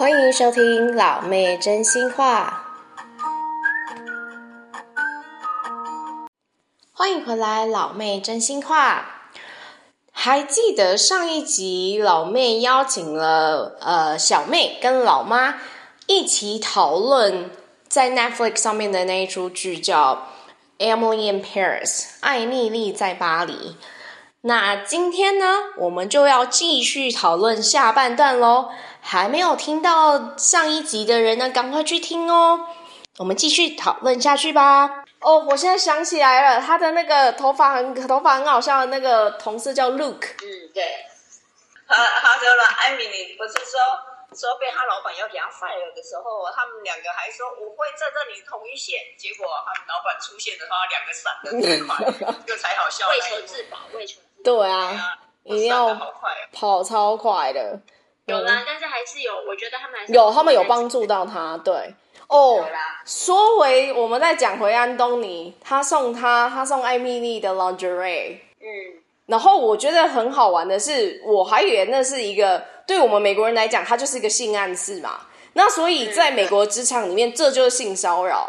歡迎收聽老妹真心話，歡迎回來，老妹真心話。還記得上一集老妹邀請了呃小妹跟老媽一起討論在 Netflix 上面的那一出劇叫《Emily in Paris》艾蜜莉在巴黎。那今天呢，我們就要繼續討論下半段嘍。還沒有聽到上一集的人呢，趕快去聽哦！我們繼續討論下去吧。哦，我現在想起來了，他的那個頭髮很，頭髮很好笑的那個同事叫 Luke。嗯，對。他說了，艾米，你不是說說被他老板要 fire 了的時候，他們兩個還說我會在這裡同一線，結果他們老板出現的話，兩個閃的最快，這 才好笑。為求自保，為求自保，對啊，一定要跑超快的。嗯、有啦，但是還是有，我覺得他們會會有，他們有幫助到他。對哦，oh, 對啦，說回我們再講回安東尼，他送他他送艾蜜莉的 lingerie，嗯，然後我覺得很好玩的是，我還以為那是一個對我們美國人來講，它就是一個性暗示嘛。那所以在美國職場裡面，嗯、這就是性騷擾。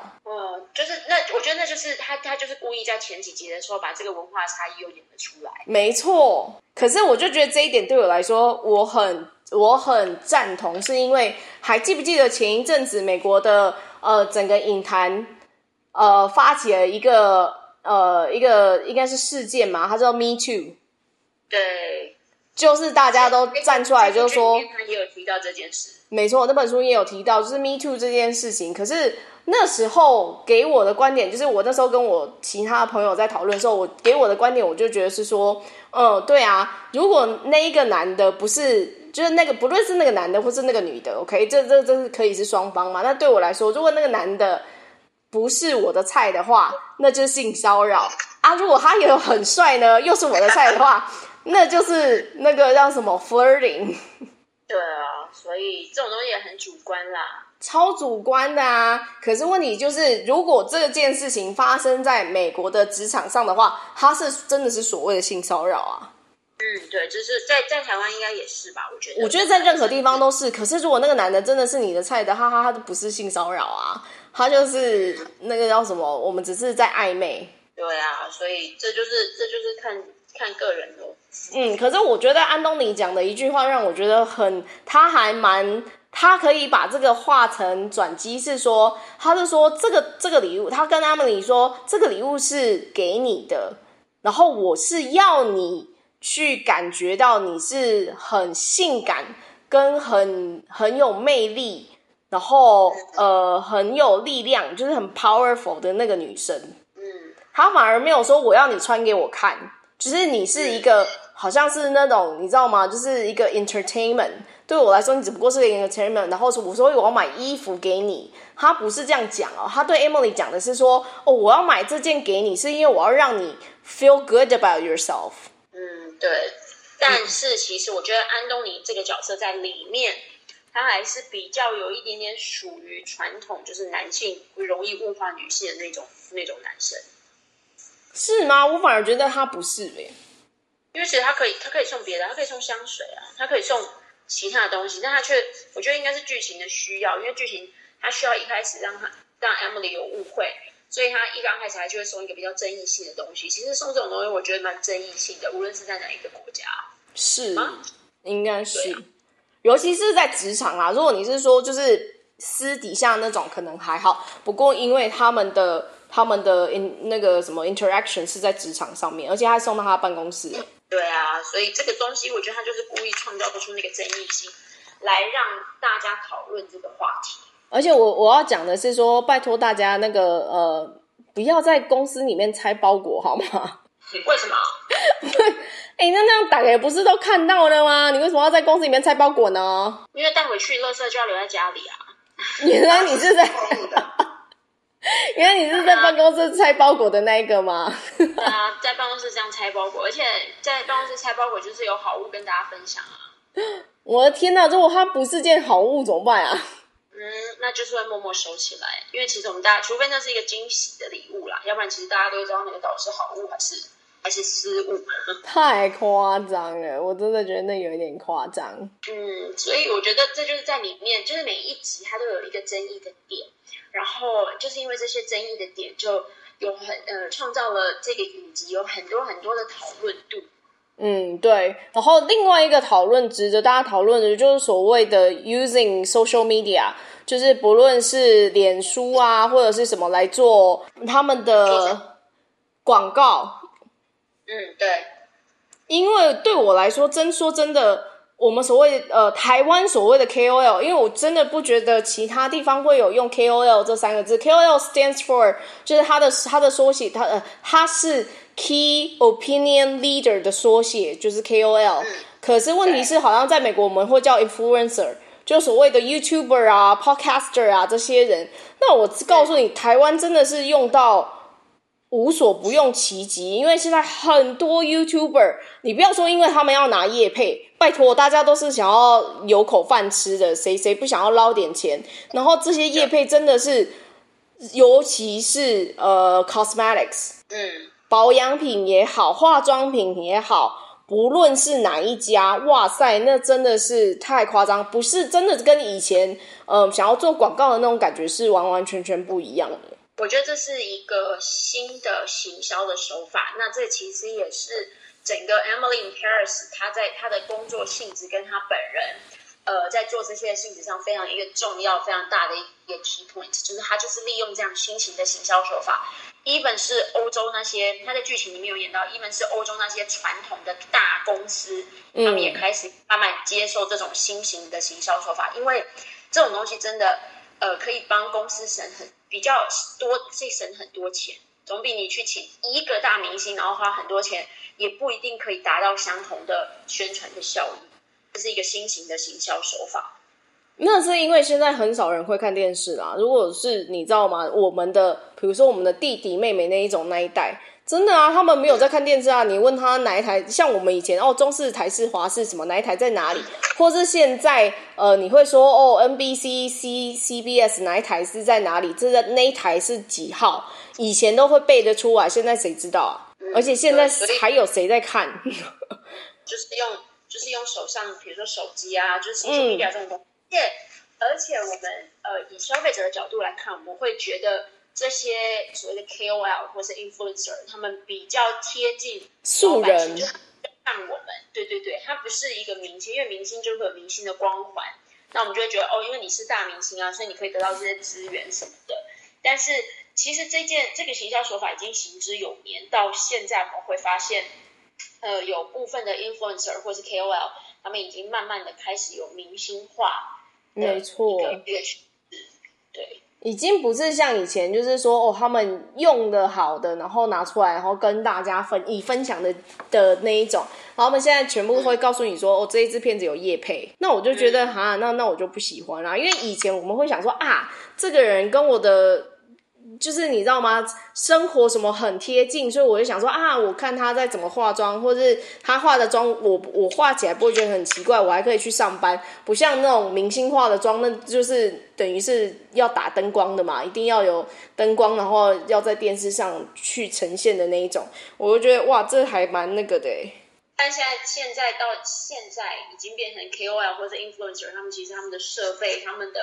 就是那，我覺得那就是他，他就是故意在前幾集的時候把這個文化差異又演了出來。沒錯，可是我就覺得這一點對我來說，我很我很贊同，是因為還記不記得前一陣子美國的呃整個影壇呃發起了一個呃一個應該是事件嘛，它叫 Me Too。對。就是大家都站出來，就是說，他也有提到這件事。沒錯，我那本書也有提到，就是 Me Too 這件事情。可是那時候給我的觀點，就是我那時候跟我其他朋友在討論的時候，我給我的觀點，我就覺得是說，嗯，對啊，如果那一個男的不是，就是那個不論是那個男的或是那個女的，OK，這這這是可以是雙方嘛？那對我來說，如果那個男的不是我的菜的話，那就是性騷擾啊。如果他也有很帥呢，又是我的菜的話。 那就是那個叫什麼 flirting，對啊，所以這種東西也很主觀啦，超主觀的啊。可是問題就是，如果這件事情發生在美國的職場上的話，他是真的是所謂的性騷擾啊。嗯，對，就是在在台灣應該也是吧？我覺得，我覺得在任何地方都是。對可是如果那個男的真的是你的菜的，哈哈，他都不是性騷擾啊，他就是那個叫什麼，我們只是在曖昧。對啊，所以這就是這就是看看個人的嗯，可是我覺得安東尼講的一句話讓我覺得很，他還蠻他可以把這個化成轉機，是說他是說這個這個禮物，他跟阿瑪尼說這個禮物是給你的，然後我是要你去感覺到你是很性感跟很很有魅力，然後呃很有力量，就是很 powerful 的那個女生。嗯，他反而沒有說我要你穿給我看。只是你是一個，嗯，好像是那種，你知道嗎？就是一個 entertainment。對我來說，你只不過是一個 entertainment。然後我說，所以我要買衣服給你，他不是這樣講哦。他對 Emily 講的是說，哦，我要買這件給你，是因為我要讓你 feel good about yourself。嗯，對。但是其實我覺得安東尼這個角色在裡面，他還是比較有一點點屬於傳統，就是男性會容易物化女性的那種那種男生。是嗎？我反而覺得他不是嘞、欸，因為其實他可以，他可以送別的，他可以送香水啊，他可以送其他的東西，但他卻我覺得應該是劇情的需要，因為劇情他需要一開始讓他讓 Emily 有誤會，所以他一剛開始他就會送一個比較爭議性的東西。其實送這種東西，我覺得蠻爭議性的，無論是在哪一個國家，是應該是，尤其是在職場啊。如果你是說就是私底下那種，可能還好，不過因為他們的。他們的 in, 那個什麼 interaction 是在職場上面，而且他還送到他辦公室，嗯。對啊，所以這個東西我覺得他就是故意創造不出那個爭議性，來讓大家討論這個話題。而且我我要講的是說，拜托大家那個呃，不要在公司裡面拆包裹好嗎？你為什麼？哎、 欸，那那樣打開不是都看到了嗎？你為什麼要在公司裡面拆包裹呢？因為帶回去，垃圾就要留在家裡啊。原來、 啊、你是在。 因為你是在辦公室拆包裹的那一個嗎？啊，對啊，在辦公室這樣拆包裹，而且在辦公室拆包裹就是有好物跟大家分享啊！我的天吶，如果它不是件好物怎麼辦啊？嗯，那就是會默默收起來，因為其實我們大家，除非那是一個驚喜的禮物啦，要不然其實大家都會知道那個到底是好物還是。還是失誤，太誇張了！我真的覺得那有一點誇張。嗯，所以我覺得這就是在裡面，就是每一集它都有一個爭議的點，然後就是因為這些爭議的點，就有很呃創造了這個影集有很多很多的討論度。嗯，對。然後另外一個討論值得大家討論的就是所謂的 using social media，就是不論是臉書啊或者是什麼來做他們的廣告。嗯，對。因為對我來說，真說真的，我們所謂呃台灣所謂的 KOL，因為我真的不覺得其他地方會有用 KOL 這三個字。KOL stands for 就是他的他的縮寫，他呃他是 Key Opinion Leader 的縮寫，就是 KOL。嗯、可是問題是，對好像在美國我們會叫 influencer，就所謂的 YouTuber 啊、Podcaster 啊這些人。那我告訴你，對台灣真的是用到。無所不用其極，因為現在很多 YouTuber，你不要說，因為他們要拿夜配，拜託，大家都是想要有口飯吃的，誰誰不想要撈點錢？然後這些夜配真的是，尤其是呃，cosmetics，嗯，Cos metics, 保養品也好，化妝品也好，不論是哪一家，哇塞，那真的是太誇張，不是真的跟以前，嗯、呃，想要做廣告的那種感覺是完完全全不一樣的。我覺得這是一個新的行銷的手法，那這其實也是整個 Emily in Paris 她在她的工作性質跟她本人，呃，在做這些性質上非常一個重要、非常大的一個 key point，就是她就是利用這樣新型的行銷手法。even 是歐洲那些，她在劇情裡面有演到，even 是歐洲那些傳統的大公司，他們也開始慢慢接受這種新型的行銷手法，因為這種東西真的。呃，可以幫公司省很比較多，這省很多錢，總比你去請一個大明星，然後花很多錢，也不一定可以達到相同的宣傳的效益。這是一個新型的行銷手法。那是因為現在很少人會看電視啦。如果是你知道嗎？我們的，比如說我們的弟弟妹妹那一種那一代，真的啊，他們沒有在看電視啊。你問他哪一台？像我們以前哦，中視、台視、華視什麼哪一台在哪裡？或是現在呃，你會說哦，NBC、C、CBS 哪一台是在哪裡？這在那一台是幾號？以前都會背得出來，現在誰知道啊？嗯、而且現在還有誰在看？ 就是用就是用手上，比如說手機啊，就是這種東西啊這種東。嗯而且，而且我們呃，以消費者的角度來看，我們會覺得這些所謂的 KOL 或是 influencer，他們比較貼近素人，就像我們，對對對，他不是一個明星，因為明星就會有明星的光環，那我們就會覺得哦，因為你是大明星啊，所以你可以得到這些資源什麼的。但是其實這件這個行銷手法已經行之有年，到現在我們會發現，呃，有部分的 influencer 或是 KOL，他們已經慢慢的開始有明星化。沒錯，對，已經不是像以前，就是說哦，他們用的好的，然後拿出來，然後跟大家分，以分享的的那一種。然後他們現在全部會告訴你說，嗯、哦，這一支片子有業配，那我就覺得哈、嗯，那那我就不喜歡啦、啊，因為以前我們會想說啊，這個人跟我的。就是你知道嗎？生活什麼很貼近，所以我就想說啊，我看他在怎麼化妝，或是他化的妝，我我化起來不會覺得很奇怪，我還可以去上班，不像那種明星化的妝，那就是等於是要打燈光的嘛，一定要有燈光，然後要在電視上去呈現的那一種，我就覺得哇，這還蠻那個的，欸。但現在現在到現在已經變成 KOL 或者 influencer，他們其實他們的設備，他們的。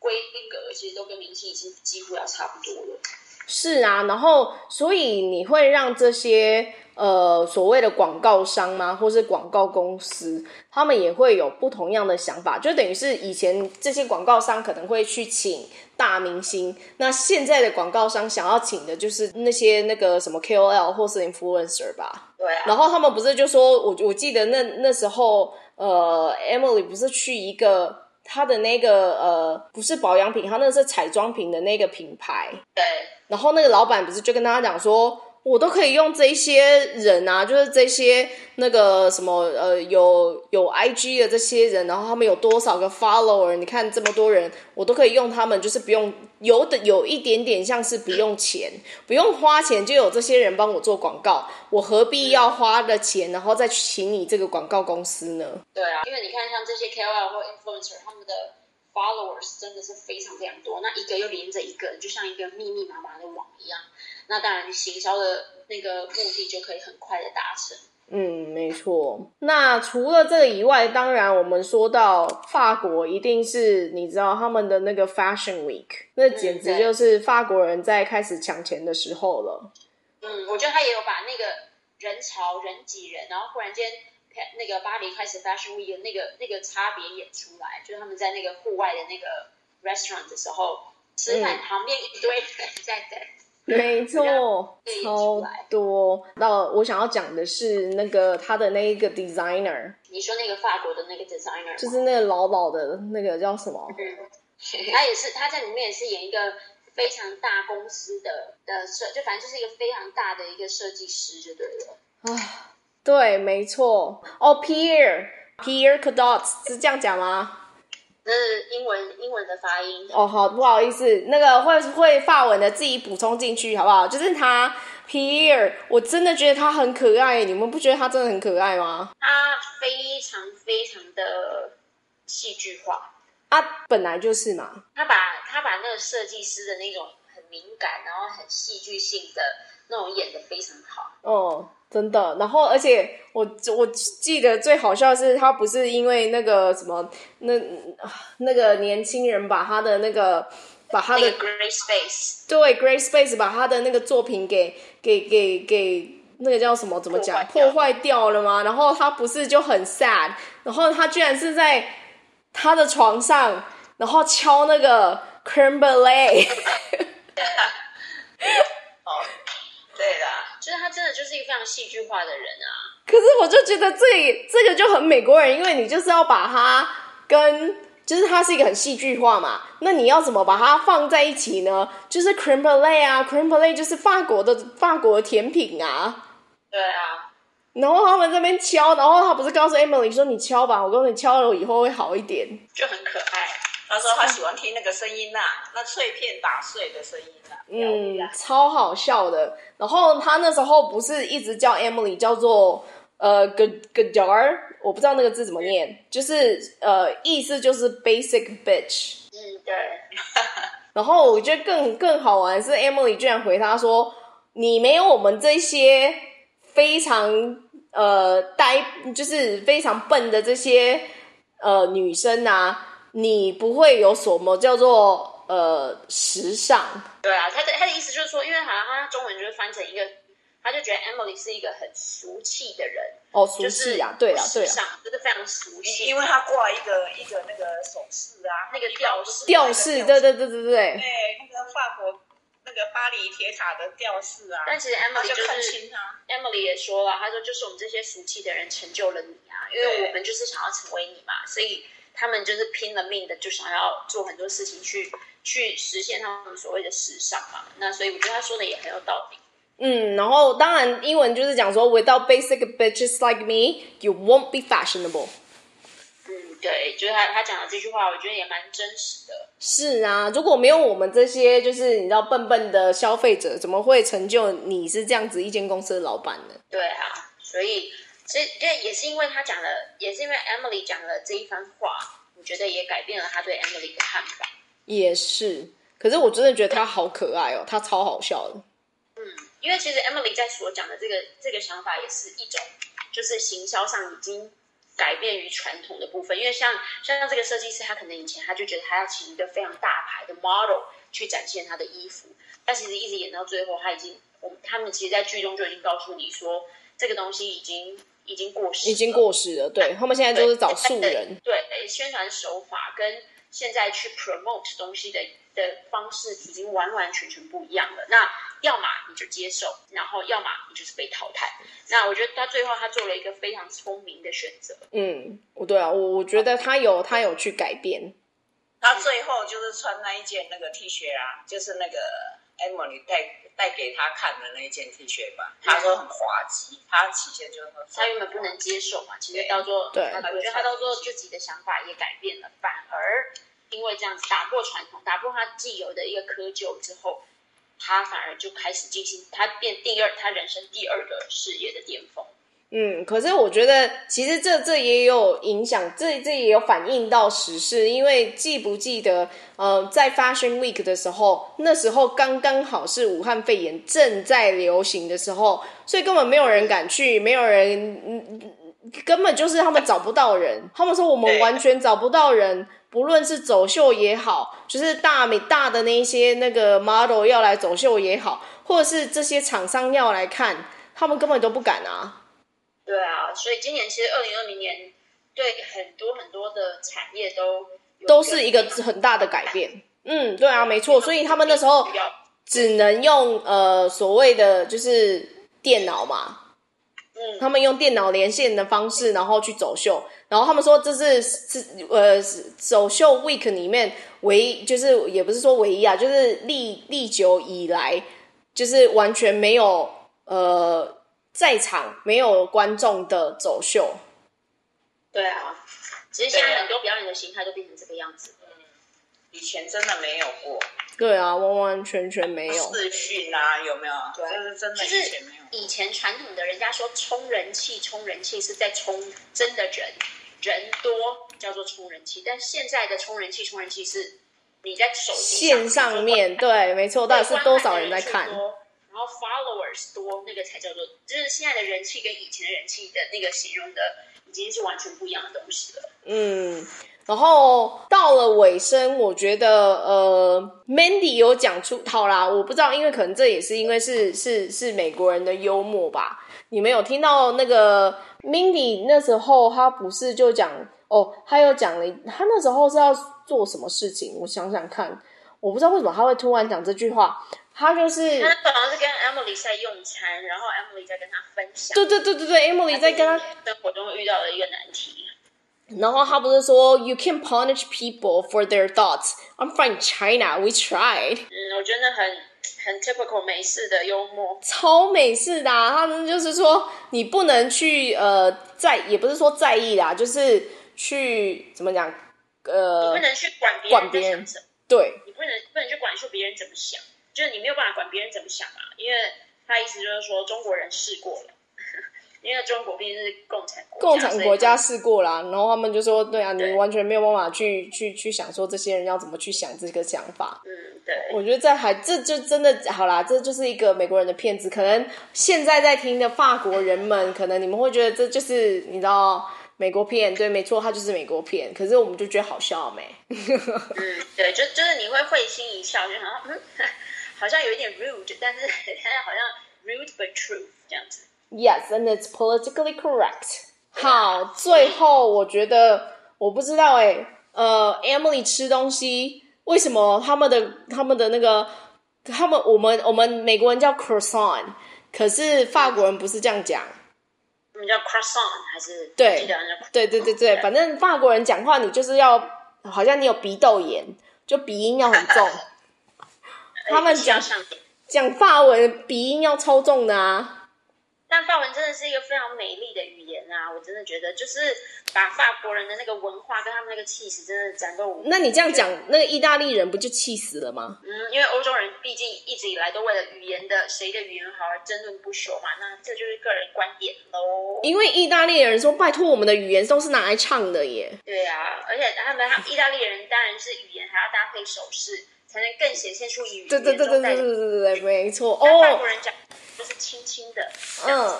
規格其實都跟明星已經幾乎要差不多了。是啊，然後所以你會讓這些呃所謂的廣告商嗎，或是廣告公司，他們也會有不同樣的想法。就等於是以前這些廣告商可能會去請大明星，那現在的廣告商想要請的就是那些那個什麼 KOL 或是 influencer 吧。對啊。然後他們不是就說，我我記得那那時候呃，Emily 不是去一個。他的那個呃，不是保養品，他那個是彩妝品的那個品牌。對，然後那個老闆不是就跟他講說。我都可以用這些人啊，就是這些那個什麼呃，有有 IG 的這些人，然後他們有多少個 follower？你看這麼多人，我都可以用他們，就是不用有的有一點點像是不用錢，不用花錢就有這些人幫我做廣告，我何必要花的錢，然後再請你這個廣告公司呢？對啊，因為你看像這些 KOL 或 influencer，他們的 followers 真的是非常非常多，那一個又連着一個，就像一個密密麻麻的網一樣。那當然，你行銷的那個目的就可以很快的達成。嗯，沒錯。那除了這個以外，當然我們說到法國，一定是你知道他們的那個 Fashion Week，嗯、那簡直就是法國人在開始搶錢的時候了。嗯，我覺得他也有把那個人潮人擠人，然後忽然間那個巴黎開始 Fashion Week 的那個那個差別演出來，就是他們在那個戶外的那個 restaurant 的時候吃飯，旁邊一堆人、嗯、在等。在在沒錯，超多。那我想要講的是那個他的那一個 designer，你說那個法國的那個 designer，就是那個老老的那個叫什麼？嗯，他也是，他在裡面也是演一個非常大公司的的設，就反正就是一個非常大的一個設計師，就對了。啊，對，沒錯。哦，Pierre, Pierre Cadot 是這樣講嗎？那是英文英文的發音哦，好不好意思，那個會會法文的自己補充進去好不好？就是他 Pierre，我真的覺得他很可愛，你們不覺得他真的很可愛嗎？他非常非常的戲劇化，他、啊、本來就是嘛，他把他把那個設計師的那種很敏感，然後很戲劇性的那種演得非常好哦。真的，然後而且我我記得最好笑的是，他不是因為那個什麼，那那個年輕人把他的那個把他的、like、gray space. 對 gray space 把他的那個作品給給給給那個叫什麼怎麼講破壞，破壞掉了嗎？然後他不是就很 sad，然後他居然是在他的床上，然後敲那個 creme brulee 對的。就是他真的就是一個非常戲劇化的人啊！可是我就覺得這這個就很美國人，因為你就是要把他跟，就是他是一個很戲劇化嘛，那你要怎麼把它放在一起呢？就是 crème brûlée 啊，crème brûlée 就是法國的法國甜品啊。對啊，然後他們這邊敲，然後他不是告訴 Emily 說：“你敲吧，我跟你敲了以後會好一點。”就很可愛。他說他喜歡聽那個聲音吶、啊， 那碎片打碎的聲音吶、啊，嗯，超好笑的。 然後他那時候不是一直叫 Emily 叫做呃 Gadar，我不知道那個字怎麼念，嗯、就是呃意思就是 basic bitch，、嗯、對。 然後我覺得更更好玩是 Emily 居然回他說，你沒有我們這些非常呃呆就是非常笨的這些呃女生啊。你不會有什麼叫做呃時尚？對啊，他的他的意思就是說，因為好像他中文就是翻成一個，他就覺得 Emily 是一個很俗氣的人哦，俗氣啊，對啊，對啊，就是、啊、非常俗氣，因為他掛一個一個那個首飾啊，那個吊飾，吊飾，對對對對對對，對那個法國那個巴黎鐵塔的吊飾啊，但其實 Emily 就是、他,就看清他 Emily 也說了，他說就是我們這些俗氣的人成就了你啊，因為我們就是想要成為你嘛，對所以。他們就是拼了命的，就想要做很多事情去去實現他們所謂的時尚嘛。那所以我覺得他說的也很有道理。嗯，然後當然英文就是講說 Without basic bitches like me，you won't be fashionable。嗯，對，就是他他講的這句話，我覺得也蠻真實的。是啊，如果沒有我們這些就是你知道笨笨的消費者，怎麼會成就你是這樣子一間公司的老板呢？對啊，所以。所以，也也是因為他講了，也是因為 Emily 講了這一番話，我覺得也改變了他對 Emily 的看法。也是，可是我真的覺得他好可愛哦，他超好笑的。嗯，因為其實 Emily 在所講的這個這個想法也是一種，就是行銷上已經改變於傳統的部分。因為像像像這個設計師，他可能以前他就覺得他要請一個非常大牌的 model 去展現他的衣服，但其實一直演到最後，他已經，我們，他們其實，在劇中就已經告訴你說，這個東西已經。已經過時，已經過時了。對他們、啊、現在就是找素人，對，對，對，對，對宣傳手法跟現在去 promote 東西的的方式已經完完全全不一樣了。那要麼你就接受，然後要麼你就是被淘汰。那我覺得他最後他做了一個非常聰明的選擇。嗯，我對啊，我我覺得他有好他有去改變，他最後就是穿那一件那個 T 恤啊，就是那個。艾瑪，Emma，你帶帶給他看的那一件 T 恤吧，他說很滑稽。啊、他起先就說他原本不能接受嘛，對其實到做，對，他，覺得他到做自己的想法也改變了，對反而因為這樣子打破傳統，打破他既有的一個窠臼之後，他反而就開始進行，他變第二，他人生第二個事業的巔峰。嗯，可是我覺得其實這這也有影響，這這也有反映到時事。因為記不記得，呃，在 Fashion Week 的時候，那時候剛剛好是武漢肺炎正在流行的時候，所以根本沒有人敢去，沒有人，嗯，根本就是他們找不到人。他們說我們完全找不到人，不論是走秀也好，就是大美大的那些那個 model 要來走秀也好，或者是這些廠商要來看，他們根本都不敢啊。對啊，所以今年其實二零二零年對很多很多的產業都都是一個很大的改變。嗯，對啊，對，沒錯。所以他們那時候只能用呃所謂的就是電腦嘛，嗯，他們用電腦連線的方式，然後去走秀。然後他們說這是是呃走秀 week 裡面唯一，就是也不是說唯一啊，就是歷歷久以來就是完全沒有呃。在場沒有觀眾的走秀，對啊，其實現在很多表演的形態都變成這個樣子，以前真的沒有過，對啊，完完全全沒有，視訊啊，有沒有？對，這是真的以前沒有。是以前傳統的人家說充人氣，充人氣是在充真的人，人多叫做充人氣，但現在的充人氣，充人氣是你在手機線上面，對，沒錯，到底是多少人在看？然後 followers 多，那個才叫做，就是現在的人氣跟以前的人氣的那個形容的，已經是完全不一樣的東西了。嗯，然後到了尾聲，我覺得呃，Mindy 有講出，套啦，我不知道，因為可能這也是因為是是是美國人的幽默吧。你們有聽到那個 Mindy 那時候他不是就講哦，他有講了，他那時候是要做什麼事情？我想想看，我不知道為什麼他會突然講這句話。他就是他好像是跟 Emily 在用餐，然後 Emily 在跟他分享。對對對對對，Emily 在跟他。生活會遇到的一個難題。然後他不是說 “You can't punish people for their thoughts. I'm from China. We tried.” 嗯，我覺得很很 typical 美式的幽默，超美式的、啊。他們就是說，你不能去呃，在也不是說在意啦，就是去怎麼講呃，你不能去管別人在想對，你不能不能去管說別人怎麼想。就是你沒有辦法管別人怎麼想啊，因為他意思就是說中國人試過了，因為中國畢竟是共產國家，共產國家試過啦，然後他們就說對啊，對你完全沒有辦法去去去想說這些人要怎麼去想這個想法。嗯，對，我覺得這還這就真的好啦，這就是一個美國人的騙子。可能現在在聽的法國人們，可能你們會覺得這就是你知道美國片，對，沒錯，他就是美國片，可是我們就覺得好笑沒？嗯，對，就就是你會會心一笑，就很好。嗯哈哈好像有一點 rude，但是它好像 rude but true 這樣子。Yes, and it's politically correct。好，最後我覺得我不知道哎、欸，呃，Emily 吃東西為什麼他們的他們的那個他們我們我們美國人叫 croissant，可是法國人不是這樣講。我們叫 croissant 還是對對對對對，反正法國人講話你就是要好像你有鼻竇炎，就鼻音要很重。 他們講講法文，鼻音要超重的啊！ 但法文真的是一個非常美麗的語言啊！我真的覺得，就是把法國人的那個文化跟他們那個氣勢，真的講都無……那你這樣講，那個意大利人不就氣死了嗎？嗯，因為歐洲人畢竟一直以來都為了語言的誰的語言好而爭論不休嘛。那這就是個人觀點嘍。因為意大利人說：“拜託，我們的語言都是拿來唱的耶。”對啊，而且他們，他意大利人當然是語言還要搭配手勢。才能更顯現出語言，對對對對對對對，對，對沒錯。哦。外國人講，就是輕輕的。嗯。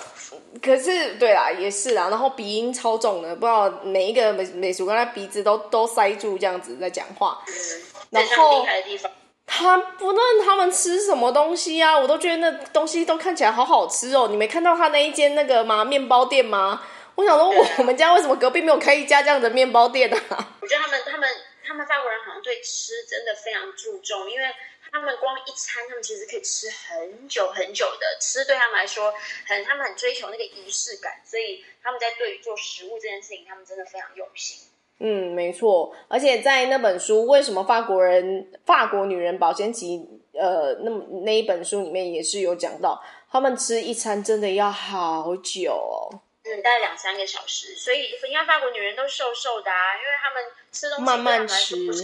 可是，對啦，也是啦，然後鼻音超重的，不知道每一個美美熟跟他鼻子都都塞住這樣子在講話。嗯。然後。非常厲害的地方。他不論他們吃什麼東西啊，我都覺得那東西都看起來好好吃哦。你沒看到他那一間那個嗎？麵包店嗎？我想說，對啦。我們家為什麼隔壁沒有開一家這樣的麵包店啊？我覺得他們，他們。他們法國人好像對吃真的非常注重，因為他們光一餐，他們其實可以吃很久很久的。吃對他們來說很，他們很追求那個儀式感，所以他們在對於做食物這件事情，他們真的非常用心。嗯，沒錯。而且在那本書《為什麼法國人法國女人保鮮期》呃，那麼那一本書裡面也是有講到，他們吃一餐真的要好久哦。等待兩三個小時，所以應該法國女人都瘦瘦的啊，因為他們吃東西對他們來說不是慢慢吃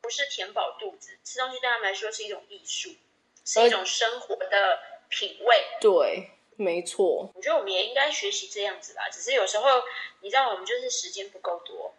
不是填飽肚子，吃東西對他們來說是一種藝術，而是一種生活的品味。對，沒錯。我覺得我們也應該學習這樣子吧，只是有時候你知道，我們就是時間不夠多。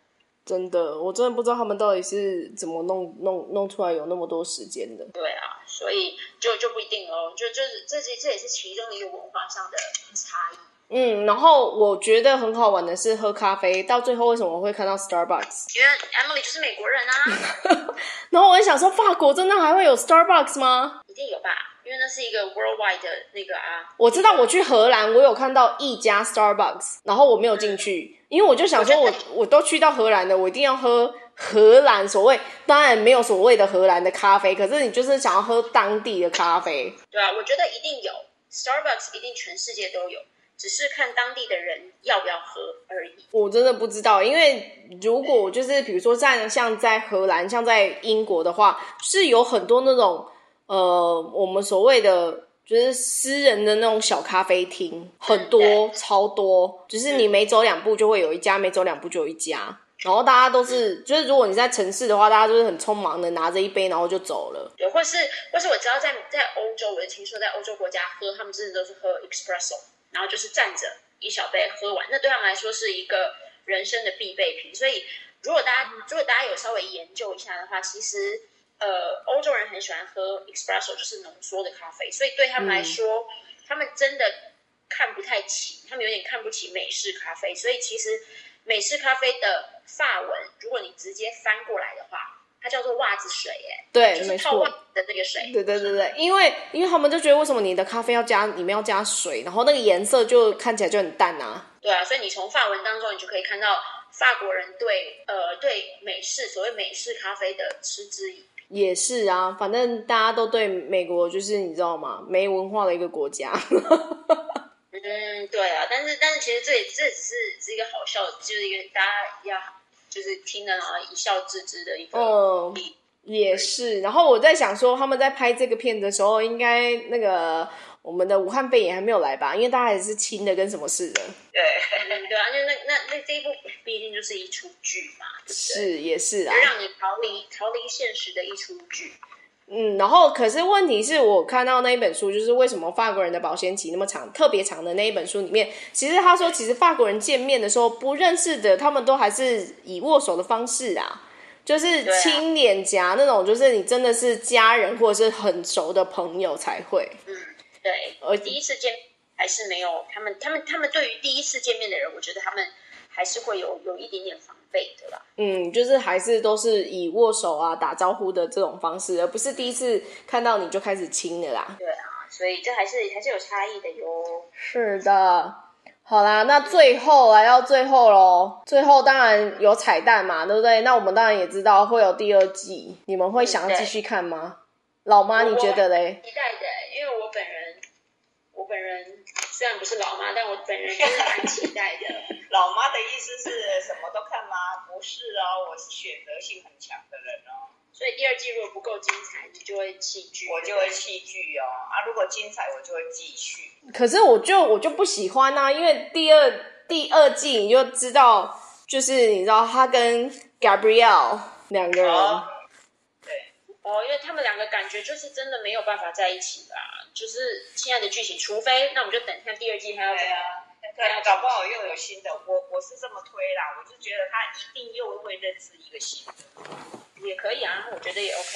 真的，我真的不知道他們到底是怎麼弄弄弄出來有那麼多時間的。對啊，所以就就不一定哦。就就是這這也是其中一個文化上的差異。嗯，然後我覺得很好玩的是喝咖啡到最後為什麼會看到 Starbucks？因為 Emily 就是美國人啊。 然後我也想說，法國真的還會有 Starbucks 嗎？一定有吧，因為那是一個 worldwide 的那個啊。我知道，我去荷蘭，我有看到一家 Starbucks，然後我沒有進去，嗯、因為我就想說我，我我都去到荷蘭了，我一定要喝荷蘭所謂，當然沒有所謂的荷蘭的咖啡，可是你就是想要喝當地的咖啡。對啊，我覺得一定有 Starbucks，一定全世界都有。只是看當地的人要不要喝而已。我真的不知道，因為如果就是比如說在像在荷蘭、對像在英國的話，就是有很多那種呃我們所謂的就是私人的那種小咖啡廳，對很多對超多，只、就是你每走兩步就會有一家，嗯、每走兩步就有一家。然後大家都是、嗯、就是如果你在城市的話，大家都是很匆忙的拿着一杯，然後就走了。對，或是或是我知道在在歐洲，我也聽說在歐洲國家喝，他們真的都是喝 espresso。然後就是站着一小杯喝完，那對他們來說是一個人生的必備品。所以，如果大家如果大家有稍微研究一下的話，其實，呃，歐洲人很喜歡喝 espresso，就是濃縮的咖啡。所以對他們來說，嗯、他們真的看不太起，他們有點看不起美式咖啡。所以其實，美式咖啡的法文，如果你直接翻過來的話。它叫做襪子水、欸，耶。對，沒錯，就是襪子的那個水，對對對對，因為因為他們就覺得，為什麼你的咖啡要加，裡面要加水，然後那個顏色就看起來就很淡啊。對啊，所以你從法文當中，你就可以看到法國人對呃對美式所謂美式咖啡的嗤之以鼻。也是啊，反正大家都對美國就是你知道嗎？沒文化的一個國家。 嗯，對啊，但是但是其實這也這只是是一個好笑的，就是一個大家要。就是聽得然後一笑置之的一個，嗯、哦，樂也是。然後我在想說，他們在拍這個片的時候，應該那個我們的武漢肺炎還沒有來吧？因為大家也是親的跟什麼似的。對，對啊，就那那那這一部，畢竟就是一出劇嘛，對對是也是啊，讓你逃離逃離現實的一出劇。嗯，然後可是問題是我看到那一本書，就是為什麼法國人的保鮮期那麼長，特別長的那一本書裡面，其實他說，其實法國人見面的時候不認識的，他們都還是以握手的方式啊，就是親臉頰那種，就是你真的是家人或者是很熟的朋友才會。啊、而且，嗯，對，我第一次見還是沒有，他們，他們，他們對於第一次見面的人，我覺得他們還是會有有一點點防。嗯，就是還是都是以握手啊、打招呼的這種方式，而不是第一次看到你就開始親的啦。對啊，所以這還是還是有差異的喲。是的，好啦，那最後來到最後嘍，最後當然有彩蛋嘛，對不對？那我們當然也知道會有第二季，你們會想要繼續看嗎？對對老媽，你覺得嘞？期待的。雖然不是老媽，但我本人是蠻期待的。 老媽的意思是什麼都看嗎？不是哦，啊，我是選擇性很強的人哦。所以第二季如果不夠精彩，你就會棄劇，我就會棄劇哦。對對啊，如果精彩，我就會繼續。可是我就我就不喜歡啊，因為第二第二季你就知道，就是你知道他跟 Gabrielle 兩個人，對，哦，因為他們兩個感覺就是真的沒有辦法在一起吧，啊。就是親愛的劇情，除非那我們就等一下第二季他要等。對啊，對啊，搞不好又有新的。對我我是這麼推啦，我是覺得他一定又會認識一個新的，也可以啊，我覺得也 OK。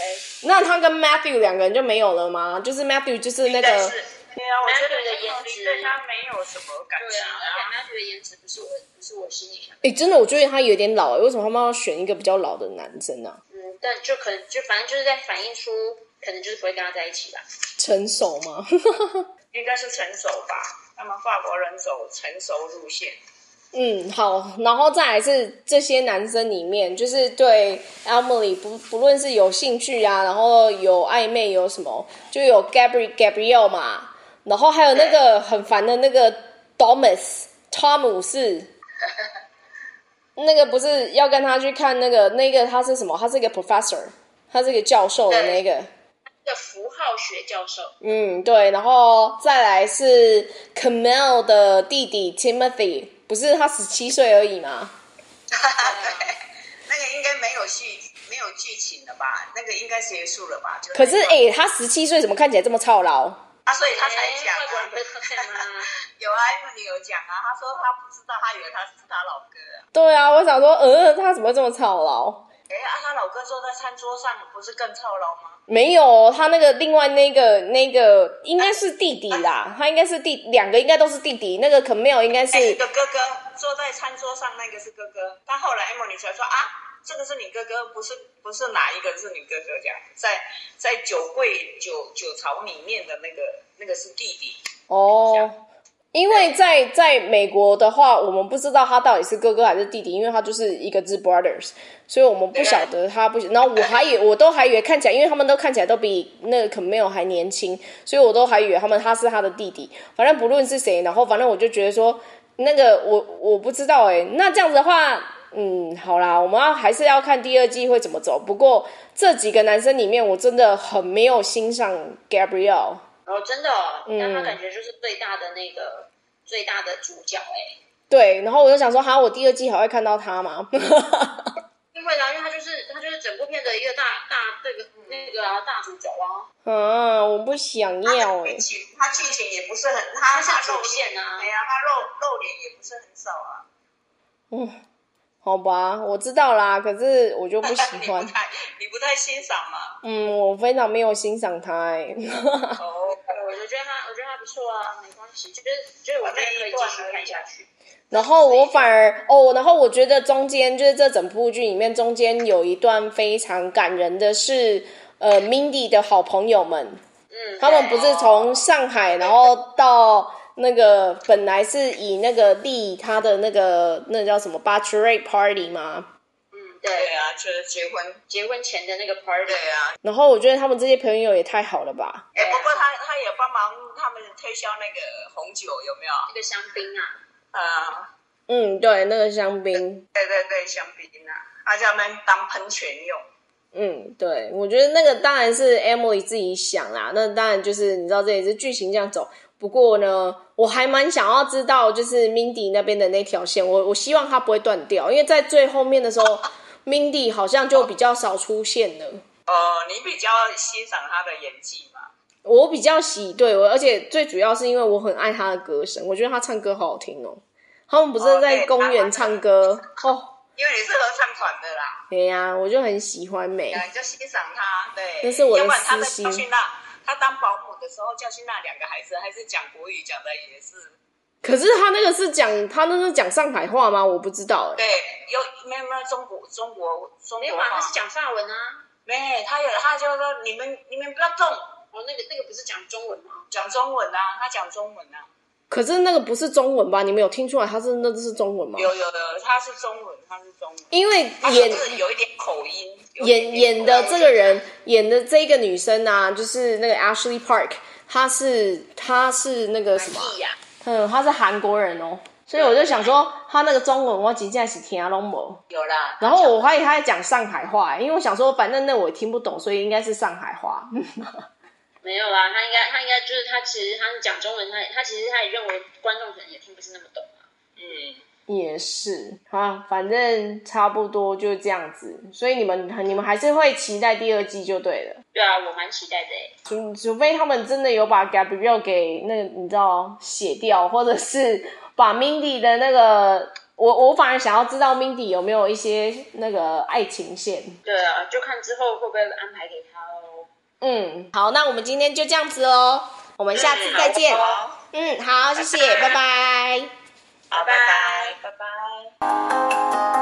那他跟 Matthew 兩個人就沒有了嗎？就是 Matthew 就是那個，對 Matthew 的顏值，他沒有什麼感情、啊。然後、啊、Matthew 的顏值不是我不是我心裡想。哎，真的，我覺得他有點老。為什麼他們要選一個比較老的男生呢、啊？嗯，但就可能就反正就是在反映出。可能就是不會跟他在一起吧。成熟嗎？ 應該是成熟吧。他們法國人走成熟路線。嗯，好。然後再來是這些男生裡面，就是對 Emily 不不論是有興趣啊，然後有曖昧，有什麼就有 Gabriel Gabriel 嘛。然後還有那個很煩的那個 Thomas Thomas 是 那個不是要跟他去看那個那個他是什麼？他是一個 Professor，他是一個教授的那個。欸符號學教授。嗯，對，然後再來是 Camille 的弟弟 Timothy，不是他十七歲而已嗎？哈哈，對，那個應該沒有劇，沒有劇情了吧？那個應該結束了吧？就是、可是，哎，他十七歲，怎麼看起來這麼操勞？啊，所以他才講、啊。欸、 有啊，因為 你有講啊，他說他不知道，他以為他是他老哥。對啊，我想說，呃，他怎麼這麼操勞？哎，啊，他老哥坐在餐桌上，你不是更操勞嗎？沒有，他那個另外那個那個應該是弟弟啦，啊啊、他應該是弟兩個應該都是弟弟。那個可沒有，應該是，哎，你的哥哥坐在餐桌上那個是哥哥。他後來 Emily 說啊，這個是你哥哥，不是不是哪一個是你哥哥這樣，在在酒櫃酒酒槽裡面的那個那個是弟弟哦。因為在在美國的話，我們不知道他到底是哥哥還是弟弟，因為他就是一個字 brothers，所以我們不曉得他不。然後我還以我都還以為看起來，因為他們都看起來都比那個 Camille 還年輕，所以我都還以為他們他是他的弟弟。反正不論是誰，然後反正我就覺得說，那個我我不知道誒，欸，那這樣子的話，嗯，好啦，我們要還是要看第二季會怎麼走。不過這幾個男生裡面，我真的很沒有欣賞 Gabrielle。哦，真的、哦，但他感覺就是最大的那個、嗯、最大的主角哎。對，然後我就想說，哈，我第二季還會看到他嗎？ 因為呢，因為他就是他就是整部片的一個大大這個那個、那個啊、大主角哦、啊。啊，我不想要哎，他劇情也不是很，他他露臉啊，對呀，他露露臉也不是很少啊。嗯。好吧，我知道啦，可是我就不喜歡。 你不太，你不太欣賞嗎？嗯，我非常沒有欣賞他、欸。哦 ，okay, 我覺得他，我覺得他不錯啊，沒關係，就是就是我再可以繼續看下去。 然後我反而哦， oh, 然後我覺得中間就是這整部劇裡面中間有一段非常感人的是，呃，Mindy 的好朋友們，嗯，他們不是從上海然後到。那個本來是以那個利他的那個那個、叫什麼 Bachelorette Party 嗎？嗯，對，對啊，就是結婚結婚前的那個 party 啊。然後我覺得他們這些朋友也太好了吧？哎、欸，啊、不過他他也幫忙他們推銷那個紅酒有沒有？那個香檳啊？呃、嗯，對，那個香檳，對對對，香檳啊，他叫他們當噴泉用。嗯，對，我覺得那個當然是 Emily 自己想啦。那當然就是你知道，這也是劇情這樣走。不過呢，我還蠻想要知道，就是 Mindy 那邊的那條線，我我希望它不會斷掉，因為在最後面的時候 ，Mindy 好像就比較少出現了。呃，你比較欣賞他的演技嗎？我比較喜，對，我而且最主要是因為我很愛他的歌聲，我覺得他唱歌好好聽哦。他們不是在公園唱歌哦，哦因為你是合唱團的啦。對呀、啊，我就很喜歡美，啊、你就欣賞他，對，但是我的私心他當保姆的時候教訓那兩個孩子，還是講國語，講的也是。可是他那個是講他那個是講上海話嗎？我不知道。對，有沒有沒有中國中國中國話？沒有啊，那是講法文啊。沒，他有，他就說你們你們不要動。我、哦、那個那個不是講中文嗎？講中文啊，他講中文啊。可是那個不是中文吧？你們有聽出來他是那個是中文嗎？有有的，他是中文，他是中文，因為也他是有一點口音。 演演的這個人， 演的這個女生啊，就是那個 Ashley Park，她是她是那個什麼？啊、嗯，她是韓國人哦，所以我就想說，對她那個中文我僅僅是聽不沒有，有啦。然後我懷疑她在講上海話、欸，因為我想說，反正那我也聽不懂，所以應該是上海話。 沒有啦、啊，他應該他應該就是他其實他是講中文，他也他其實他也認為觀眾可能也聽不是那麼懂、啊。嗯。也是啊，反正差不多就這樣子，所以你們你們還是會期待第二季就對了。對啊，我蠻期待的欸。除除非他們真的有把 Gabriel 給那個，你知道寫掉，或者是把 Mindy 的那個，我我反而想要知道 Mindy 有沒有一些那個愛情線。對啊，就看之後會不會安排給他哦。嗯，好，那我們今天就這樣子囉，我們下次再見。嗯，嗯，好，謝謝，拜拜。拜拜。好，拜拜，拜拜。